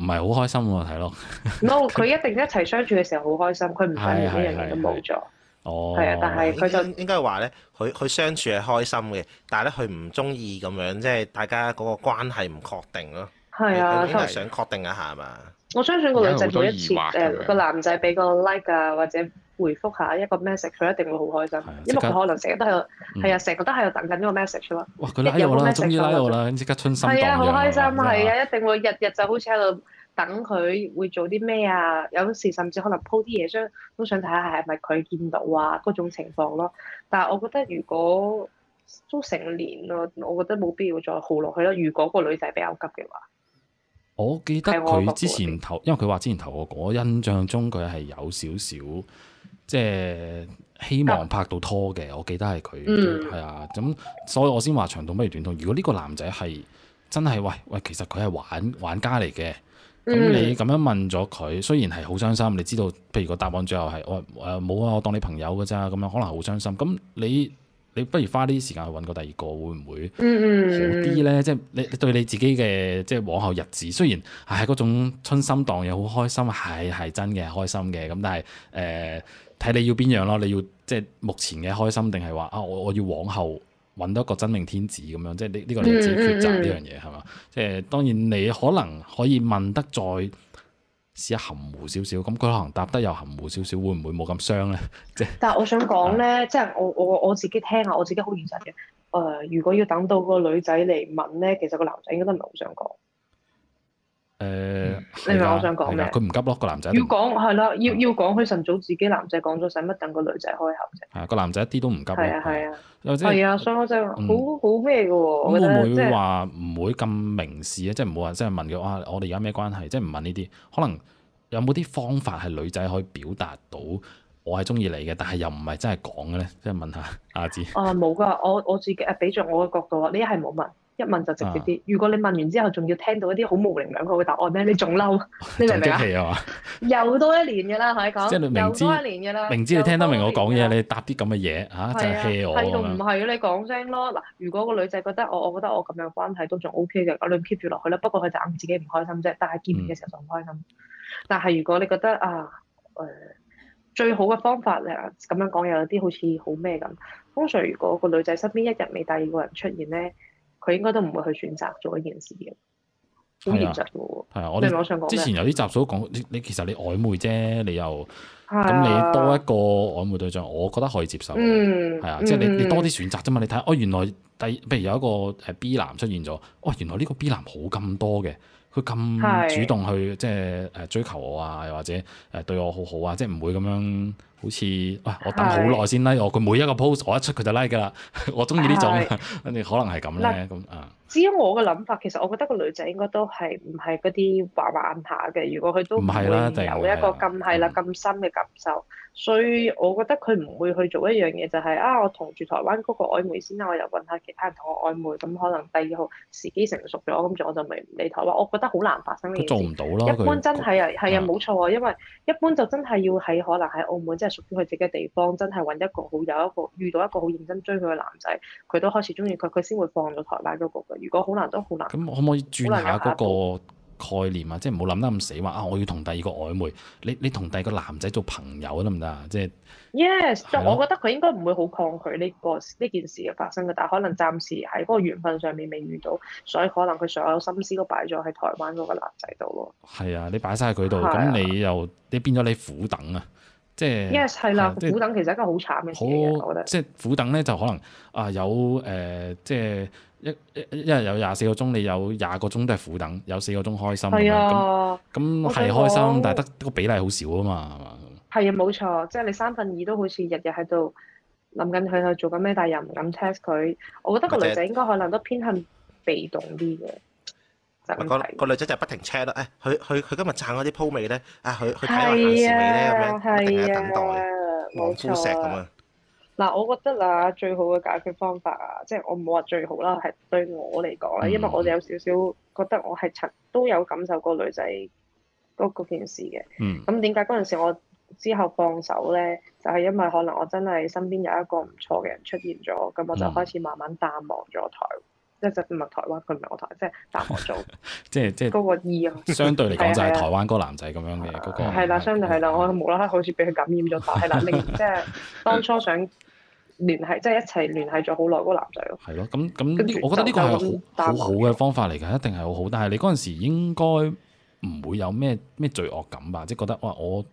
好開心喎，係咯。 [LAUGHS] No，佢一定一齊相處嘅時候好開心，佢唔係呢樣嘢都冇咗。哎哎哎哎哦，係啊，但係佢就應該話咧，佢佢相處係開心嘅，但係咧佢唔中意咁樣，即係大家嗰個關係唔確定咯。係啊，因為想確定一下嘛。我相信個女仔每一次誒個男仔俾個 like 啊，或者回覆下一個 message，佢一定會好開心，因為佢可能成日都喺度，係啊，成日都喺度等緊呢個 message 咯。哇！佢 like 我啦，終於 like 我啦，即刻春心動。係啊，好開心，係啊，一定會日日就好似喺度。等佢會做啲咩啊？有時甚至可能鋪啲嘢，想都想睇下係咪佢見到啊？嗰種情況咯。但係我覺得如果都成年啦，我覺得冇必要再耗落去啦。如果個女仔比較急嘅話，我記得佢之前頭，因為佢話之前頭個點點，我印象中佢係有少少即係希望拍到拖嘅。啊，我記得係佢係啊，咁所以我先話長痛不如短痛。如果呢個男仔係真係喂喂，其實佢係玩玩家嚟嘅。咁你咁樣問咗佢，雖然係好傷心，你知道，譬如個答案最後係我誒冇啊，我當你朋友㗎咋，咁樣可能好傷心。咁你你不如花啲時間去搵個第二個，會唔會好啲咧？即係 [NOISE] 你你對你自己嘅即係往後日子，雖然係嗰種春心蕩漾好開心，係係真嘅開心嘅，咁但係誒睇你要邊樣咯，你要即係、就是、目前嘅開心，定係話啊我我要往後。揾到一個真命天子咁樣，即係呢呢個你自己抉擇呢樣嘢係嘛？即係當然你可能可以問得再試下含糊少少，咁佢可能答得又含糊少少，會唔會冇咁傷咧？即係但係我想講咧， [LAUGHS] 即係我我我自己聽下，我自己好現實嘅。誒、呃，如果要等到個女仔嚟問咧，其實個男仔應該都唔係好想講。誒，嗯、的你問我想講咩？佢唔急咯，個男仔要講係啦，要要講佢晨早自己男仔講咗，使乜等個女仔開口啫？係啊，個男仔一啲都唔急。係啊係啊，係啊，所以我就、嗯，好好咩嘅喎。會唔會話唔、就是、會咁明示咧？即係冇人即係問佢哇、啊，我哋而家咩關係？即係唔問呢啲，可能有冇啲方法係女仔可以表達到我係中意你嘅，但係又唔係真係講嘅咧？即、就、係、是、問下呀子。啊冇噶，我我自己啊，比着我嘅角度啊，呢一係冇問。一問就直接啲。如果你問完之後，仲要聽到一啲好模棱兩可嘅答案咧，你仲嬲？你明唔明啊？ [LAUGHS] 又多一年嘅啦，同你講。又多一年嘅啦，明知你聽得明我講嘢，你答啲咁嘅嘢嚇就氣我。係就唔係？你講聲咯。嗱，如果個女仔覺得我，我覺得我咁樣關係都仲 O K 嘅，咁你 keep 住落去啦。不過佢就等自己唔開心啫。但係見面嘅時候仲唔開心。但係、嗯、如果你覺得啊，誒、呃，最好嘅方法啊，咁樣講又有啲好似好咩咁。通常如果個女仔身邊一日未第二個人出現咧。佢應該都唔會去選擇做一件事嘅，好現實嘅喎。係啊，我我想講，之前有啲集數講，你你其實你曖昧啫，你又咁、啊、你多一個曖昧對象，我覺得可以接受嘅，係、嗯、啊，即係你你多啲選擇啫嘛，你睇哦，原來第譬如有一個誒 B 男出現咗，哦，原來呢個 B 男好咁多嘅。佢咁主動去即係誒追求我啊，又或者誒對我好好啊，即係唔會咁樣好似哇、哎！我等好耐先 like 我，佢每一個 post 我一出佢就 like 噶啦，我中意呢種，跟住的可能係咁咧咁啊。但嗯、至於我嘅諗法，其實我覺得個女仔應該都係唔係嗰啲玩玩下嘅，如果佢都唔會啦、就係、有一個咁係啦咁深嘅感受。所以我覺得佢唔會去做一樣嘢，就是，就係啊，我同住台灣嗰個曖昧先啦，我又揾下其他人同我曖昧，咁、嗯、可能第二號時機成熟咗，咁住我就咪唔理台灣。話我覺得好難發生呢嘢。都做唔到啦。一般真係啊，係啊他，冇他錯啊，因為一般就真係要喺可能喺澳門，即係屬於佢自己嘅地方，真係揾一個好有一個遇到一個好認真追佢嘅男仔，佢都開始中意佢，佢先會放咗台灣嗰、那個嘅。如果好難都好難。咁可唔可以轉下、那個？嗯概念啊，即唔好諗得咁死話啊，我要同第二個曖昧，你你同第二個男仔做朋友得唔得啊？即係 yes，就我覺得佢應該唔會好抗拒呢個呢件事嘅發生嘅，但係可能暫時喺嗰個緣分上面未遇到，所以可能佢所有心思都擺咗喺台灣嗰個男仔度咯。係啊，你擺晒佢度，咁你又你變咗你苦等啊！即係 yes 係啦，苦等其實一個好慘嘅事。啊！我覺得即係苦等咧，就可能啊有誒即係。一一一日有廿四個鐘，你有廿個鐘都係苦等，有四個鐘開心咁樣咁咁係開心，但係得個比例好少啊嘛係啊，冇錯，即係你三分二都好似日日喺度諗緊佢去做緊咩，但係又唔敢 test 佢。我覺得個女仔應該可能都偏向被動啲嘅。個、那個女仔就不停 check 啦，誒、哎，佢佢佢今日撐嗰啲鋪尾咧，啊，佢佢睇下未，視微咧咁樣，一定係等待望夫石咁啊！錯嗱，我覺得嗱，最好嘅解決方法啊，即係我唔好話最好啦，係對我嚟講咧，嗯、因為我哋有少少覺得我係曾都有感受過女仔嗰件事嘅、嗯嗯。嗯。咁點解嗰陣時我之後放手呢？就係、是、因為可能我真係身邊有一個唔錯嘅人出現咗，咁我就開始慢慢淡忘咗台。嗯嗯即係就唔係台灣，佢唔係我台，即係大學組，即係即係嗰個 E 啊。相對嚟講就係台灣嗰個男仔咁樣嘅嗰個。係啦，相對係啦，我無啦啦好似俾佢感染咗，但係啦，你即係當初想聯繫，即係一齊聯繫咗好耐嗰個男仔咯。係咯，咁咁，我覺得呢個係好好嘅方法嚟㗎，一定係好好。但係你嗰陣時應該唔會有咩咩罪惡感吧？即係覺得哇，我。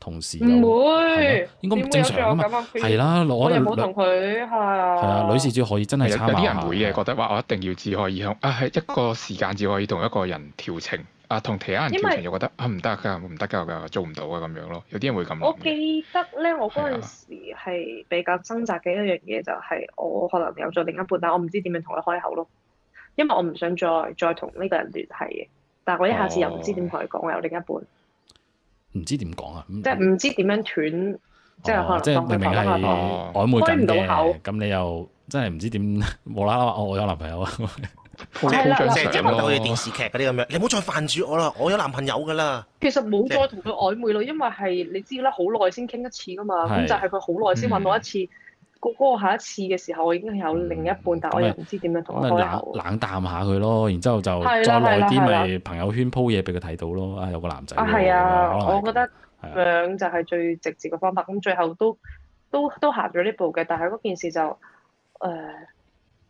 同事唔會，應該唔正常會有咁樣啊。係啦，我又冇同佢係。係啊，的女士只可以真係參考下，有啲人會嘅，覺得話我一定要只可以同啊係一個時間只可以同一個人調情啊，同其他人調情為就覺得啊唔得㗎，唔得㗎，我做唔到啊咁樣咯。有啲人會咁諗。我記得咧，我嗰陣時係比較掙扎嘅一樣嘢，就係的我可能有咗另一半，但我唔知點樣同佢開口咯。因為我唔想再再同呢個人聯繫嘅，但我一下子又唔知點同佢講，我有另一半。Oh. 唔知點講啊！哦、即係唔知點樣斷，即係可能即係明明係曖昧緊唔到口。咁你又真係唔知點冇啦啦我有男朋友啊！係啦，即係好似電視劇嗰啲咁樣，你唔好再煩住我啦，我有男朋友噶啦。好 [LAUGHS] 其實冇再同佢曖昧咯，因為係你知啦，好耐先傾一次噶嘛，咁是就係佢好耐先揾我一次。嗯嗰個下一次嘅時候，我已經有另一半，但我又唔知點樣同佢、嗯嗯嗯、冷冷淡下佢咯，然之後就的再耐啲，咪朋友圈鋪嘢俾佢睇到咯。啊，有個男仔。啊，係啊，我覺得咁樣就係最直接嘅方法。咁的最後都都都行咗呢步嘅，但係嗰件事就誒、呃，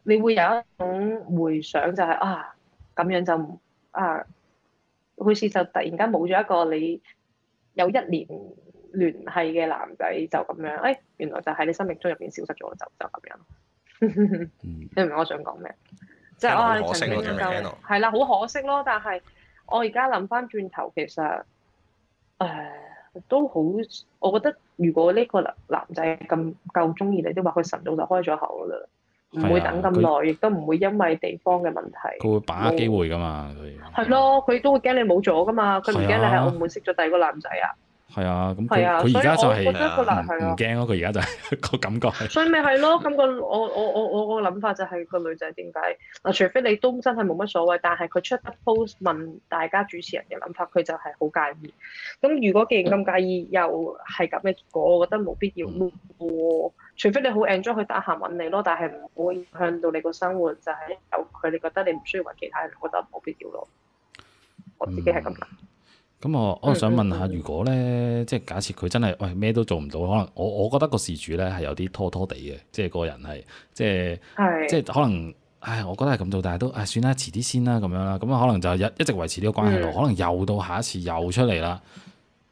你會有一種回想就係、是、啊，咁樣就啊，好似就突然間冇咗一個你有一年。聯繫嘅男仔就咁樣，誒、哎、原來就喺你生命中入邊消失咗，就就咁樣。 [LAUGHS] 你明唔明我想講咩？即係我曾經夠係啦，好可惜咯。但係我而家諗翻轉頭，其實誒都好，我覺得如果呢個男仔咁夠中意你，都話佢晨早就開咗口啦，唔、啊、會等咁耐，亦他都唔會因為地方嘅問題。佢會把握機會噶嘛？佢係咯，佢、啊、都會驚你冇咗噶嘛？佢唔驚你喺澳門識咗第二個男仔啊！係啊，咁佢而家就係唔唔驚咯，佢而家就係個感覺。所以咪係咯，咁個我不、啊、我我我我嘅諗法就係個女仔點解？嗱，除非你都真係冇乜所謂，但係佢出得 post 問大家主持人嘅諗法，佢就係好介意。咁如果既然咁介意，又係咁嘅結果，我覺得冇必要過。嗯、除非你好 enjoy 佢打閒揾你咯，但係唔會影響到你個生活，就係、是、有佢，你覺得你唔需要揾其他人，我覺得冇必要咯。我自己係咁諗。嗯 [LAUGHS] 咁我我想問下，如果咧，即係假設佢真係喂咩都做唔到，可能我我覺得個事主咧係有啲拖拖地嘅，即係個人係即係、嗯、即係可能唉，我覺得係咁做，但係都唉、哎、算啦，遲啲先啦，咁樣啦，咁啊可能就一一直維持呢個關係咯，嗯、可能又到下一次又出嚟啦。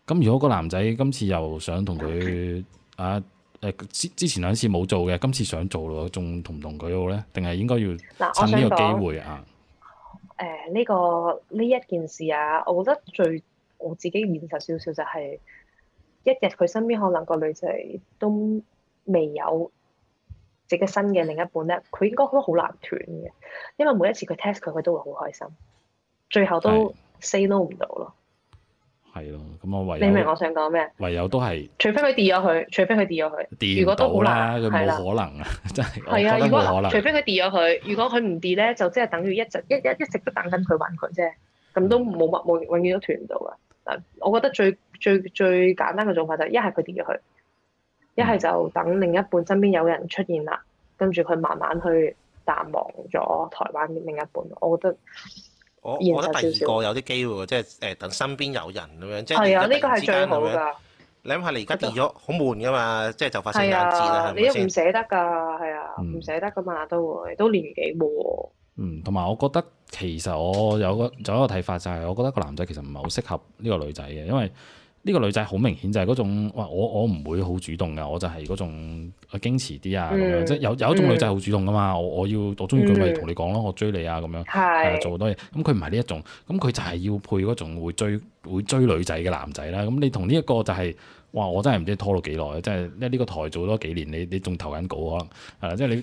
咁如果個男仔今次又想同佢、嗯、啊誒之前兩次冇做嘅，今次想做咯，仲同唔同佢好咧？定係應該要趁呢個機會啊？誒呢、呃呃這個呢一、這個、件事啊，我覺得最我自己現實少少就係、是、一日佢身邊可能個女仔都未有自己的新嘅另一半咧，佢應該都好難斷嘅，因為每一次佢 test 佢，佢都會好開心，最後都 say no 唔到咯。係咯，咁我唯你明我想講咩？唯有都係除非佢 del 咗佢，除非佢 del 咗佢，如果都好難，佢冇可能啊！的 [LAUGHS] 真係係啊！如果可能除非佢 del 咗佢，如果佢唔 del 咧，就即係等於一直一一一直都等緊佢揾佢啫，咁都冇乜冇永遠都斷唔到啊！我覺得最最最簡單嘅做法就係一係佢跌咗去，一係就等另一半身邊有人出現啦，跟住佢慢慢去淡忘咗台灣嘅另一半。我覺得我，我覺得第二個有啲機會，即係誒等身邊有人咁樣，即係一之間咁樣。呢個係最好㗎、你諗下你，你而家跌咗好悶噶嘛？即係就發生兩字啦，係咪先？你唔的捨得噶，係啊，唔、嗯、捨得噶嘛，都會都年紀喎。嗯，同埋我覺得。其實我有個仲有一個睇法就係，我覺得個男仔其實唔係好適合呢個女仔嘅，因為呢個女仔好明顯就係嗰種，哇！我我唔會好主動嘅，我就係嗰種矜持啲啊咁、嗯、樣。即係有有一種女仔好主動噶嘛，我我要我中意佢咪同你講咯，嗯、我追你啊咁樣，係是做好多嘢。咁佢唔係呢一種，咁佢就係要配嗰種會追會追女仔嘅男仔啦。咁你同呢一個就係、是。哇！我真係唔知拖咗幾耐，真係因為呢個台做咗幾年，你你仲投緊稿可能，誒即係你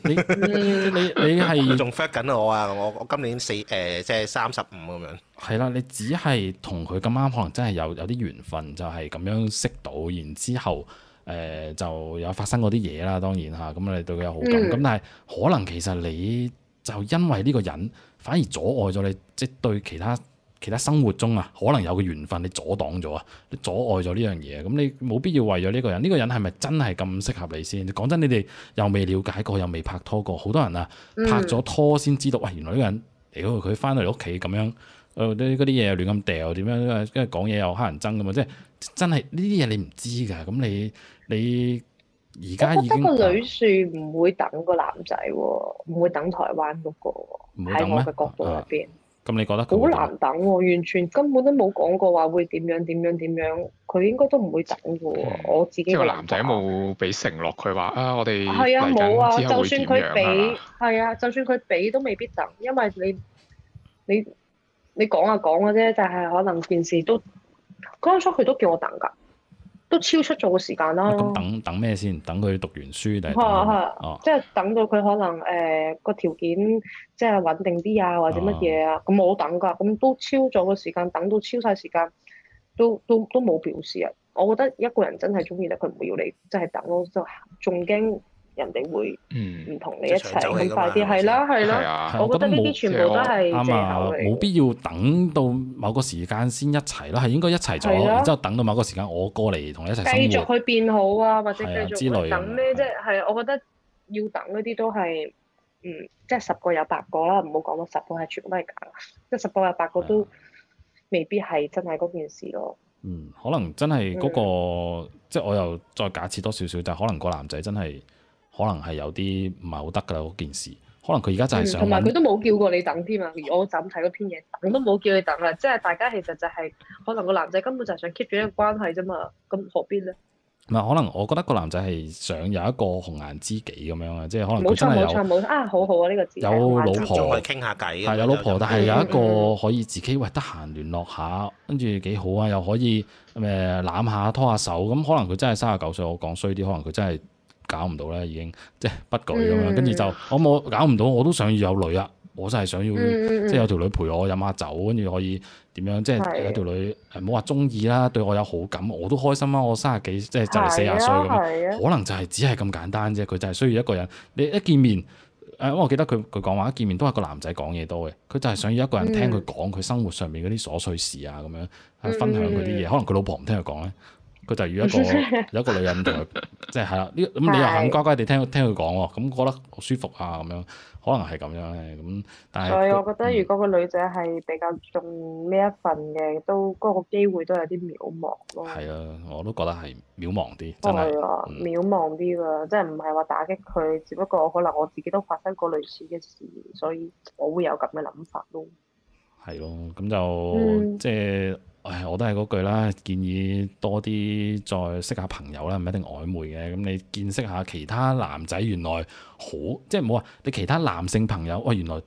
你你你係仲 fit 緊我啊！我我今年四誒、呃、即係三十五咁樣。係啦，你只係同佢咁啱，可能真係有有啲緣分，就係、是、咁樣識到，然之後誒、呃、就有發生嗰啲嘢啦。當然嚇，咁你對佢有好感，咁、嗯、但係可能其實你就因為呢個人，反而阻礙咗你即係、就是、對其他。其他生活中啊，可能有個緣分你阻擋咗啊，你阻礙咗呢樣嘢啊，咁你冇必要為咗呢個人，呢、呢個人係咪真係咁適合你先？講真，你哋又未了解過，又未拍拖過，好多人啊拍咗拖先知道，嗯、哇！原來呢個人，嚟到佢返到嚟屋企咁樣，誒啲嗰啲嘢亂咁掉，點樣？跟住講嘢又黑人憎咁嘛。即係真係呢啲嘢你唔知㗎。咁你你而家已經覺得個女樹唔會等個男仔喎、啊，唔、啊、會等台灣嗰、嗰個喎，喺我嘅角度入邊。呃呃咁你覺得好難等喎、啊，完全根本都冇講過話會點樣點樣點樣，佢應該都唔會等嘅喎。我自己個男仔冇俾承諾，佢話啊，我哋係 [LAUGHS] 啊冇啊，啊，啊，就算佢俾，係啊，就算佢俾都未必等，因為你你你講啊講嘅啫，就係可能件事都剛初佢都叫我等㗎。都超出咗個時間啦！啊、等等咩先？等佢讀完書定係、哦、即係等到佢可能誒個、呃、條件即係穩定啲啊，或者乜嘢啊？咁冇等㗎，咁都超咗個時間，等到超晒時間都都都冇表示啊！我覺得一個人真係中意咧，佢唔會要你即係等咯，就仲驚。人哋會唔同你一齊，好快啲係啦，係啦。我覺得呢啲全部都係藉口嚟。冇必要等到某個時間先一齊啦，係應該一齊咗，然之後等到某個時間我過嚟同你一齊。繼續去變好啊，或者繼續去等咩？即係我覺得要等嗰啲都係，嗯，即係十個有八個啦，唔好講到十個係全部都係假，即係十個有八個都未必係真係嗰件事咯。嗯，可能真係嗰個，即係我又再假設多少少，就可能個男仔真係。可能係有啲唔係好得㗎啦，嗰件事。可能佢、嗯、而家就係想，同埋佢都冇叫過你等添啊！而我就咁睇嗰篇嘢，都冇叫你等啊！即係大家其實就係、是、可能個男仔根本就係想 keep 住一個關係啫嘛。咁何必咧？唔係，可能我覺得個男仔係想有一個紅顏知己咁樣啊，即係可能真係有冇錯冇錯冇錯啊，好好啊呢、呢個字。有老婆傾下偈，係有老婆，但係有一個可以自己喂得閒聯絡下，跟住幾好啊！又可以誒攬下拖下，拖下手，咁可能佢真係三十九歲，我講衰啲，可能佢真係。搞唔到啦，已經即係不舉咁樣，跟住就、嗯、我冇搞唔到，我都想要有女啊！我真係想要、嗯、即係有條女陪我飲下酒，跟住可以點樣？即係有條女，唔好話中意啦，對我有好感，我都開心啦！我三十幾，即係就嚟四廿歲咁，可能就係只係咁簡單啫。佢就係需要一個人，你一見面，誒、啊，我記得佢佢講話，一見面都係個男仔講嘢多嘅，佢就係想要一個人聽佢講佢生活上面嗰啲瑣碎事啊，咁樣分享佢啲嘢，可能佢老婆唔聽佢講咧。就如一個有一個女人同佢，即係係啦。呢咁你又肯乖乖哋聽聽佢講喎，咁覺得好舒服啊，咁樣可能係咁樣。咁、嗯、所以，我覺得、嗯、如果個女仔係比較重呢一份嘅，都、那、嗰個機會都有啲渺茫咯。係啊，我都覺得係渺茫啲，真係。唔係啊，渺茫啲㗎，即係唔係話打擊佢，只不過可能我自己都發生過類似嘅事，所以我會有咁嘅諗法咯。係咯、嗯，咁就即係。唉，我都係嗰句啦，建議多啲再識下朋友啦，唔一定曖昧嘅。咁你見識下其他男仔，原來好即係唔好話你其他男性朋友，哇，原來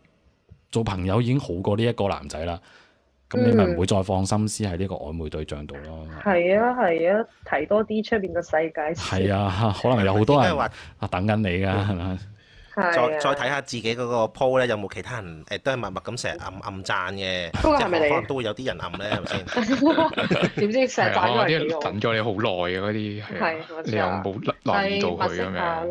做朋友已經好過呢一個男仔啦。咁你咪唔會再放心思喺呢個曖昧對象度咯。係、嗯、啊係啊，提多啲出邊嘅世界先。係啊，可能有好多人啊，等緊你㗎，係咪、嗯？再再睇下自己嗰個 post 咧，有冇其他人誒都係默默咁成日暗暗讚嘅，即係可能都會有啲人暗咧，係咪先？點知成日都係你我？等咗你好耐啊！嗰啲係你又冇留意到佢咁樣。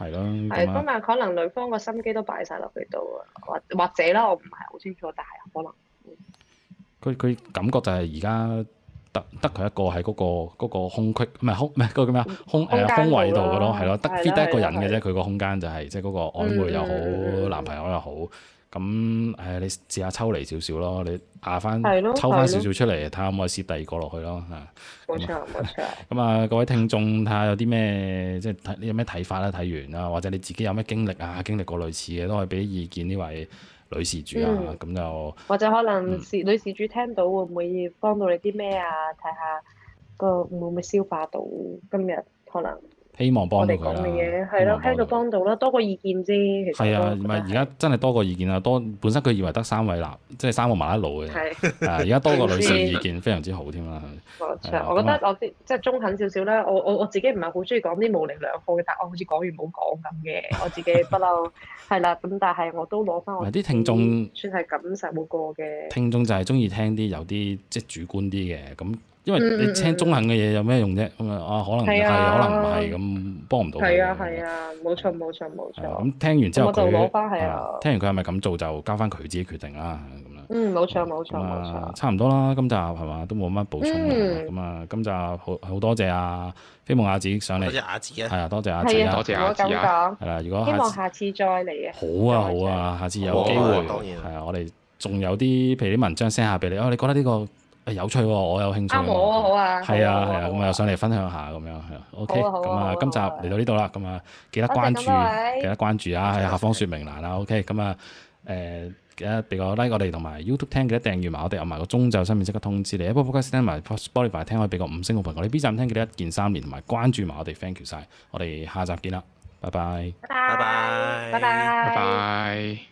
係咯，係咁啊！可能女方個心機都擺晒落去度啊，或或者啦，我唔係好清楚，但係可能佢佢感覺就係而家，得得佢一個喺嗰個空隙，唔係空唔係嗰個叫咩啊？空誒空，空位度嘅咯，係咯，得得一個人嘅啫。佢個空，空間就係、是、即係嗰個曖昧又好，嗯、男朋友又好。咁誒，你試下抽離少少咯，你壓翻的抽翻少少出嚟，睇的下可唔可以試第二個落去咯嚇。冇錯冇錯。咁啊、嗯嗯，各位聽眾睇下有啲咩即係睇你有咩睇法啦，睇完啊，或者你自己有咩經歷啊，經歷過類似嘅都可以俾意見呢位。女事主啊，咁、嗯、就或者可能事女事主聽到會唔會幫到你啲咩啊？睇下個會唔會消化到今日可能。希望幫到佢。我哋講嘅嘢係咯，喺度幫到啦，多個意見啫。其實係啊，唔係而家真係多個意見啊！多本身佢以為得三位啦，即係三個麻甩佬嘅。係啊，而家多個女性意見非常之好添啦。冇錯，我覺得我即係中肯少少啦。我我我自己唔係好中意講啲模棱兩可嘅答案，好似講完冇講咁嘅。我自己不嬲係啦，咁但係我都攞翻我啲聽眾算係錦實冇過嘅。聽眾就係中意聽啲有啲即係主觀啲嘅咁。因為你聽中肯嘅嘢有咩用啫？咁啊，啊可能係，可能唔係咁，幫唔到佢。係啊係啊，冇錯冇錯冇錯。咁聽完之後佢，聽完佢係咪咁做就交翻佢自己決定啦？咁啦。嗯，冇錯冇錯差唔多啦。今集係嘛，都冇乜補充咁啊，今集好好多謝啊，飛夢呀子上嚟。多謝呀子啊，係啊，多謝呀子啊，多謝呀子啊。係啊，如果希望下次再嚟啊。好啊好啊，下次有機會。係啊，我哋仲有啲譬如啲文章 send 下俾你。哦，你覺得呢個？有趣喎，我有興趣。啱好啊，好啊。係啊，係啊，咁我又上嚟分享下咁樣，係啊。好啊咁啊，今集嚟到呢度啦，咁啊，記得關注，記得關注啊，喺下方說明欄啦。OK，咁啊，誒，記得比較 like 我哋，同埋 YouTube 聽記得訂閱埋我哋，同埋個鐘就上面即刻通知你。Apple Podcast 聽埋 p o 可以俾個五星好評。嗰啲 B 站聽記得一件三年，同埋關注埋我哋，thank you 晒！我哋下集見啦，拜拜，拜拜，拜拜，拜拜。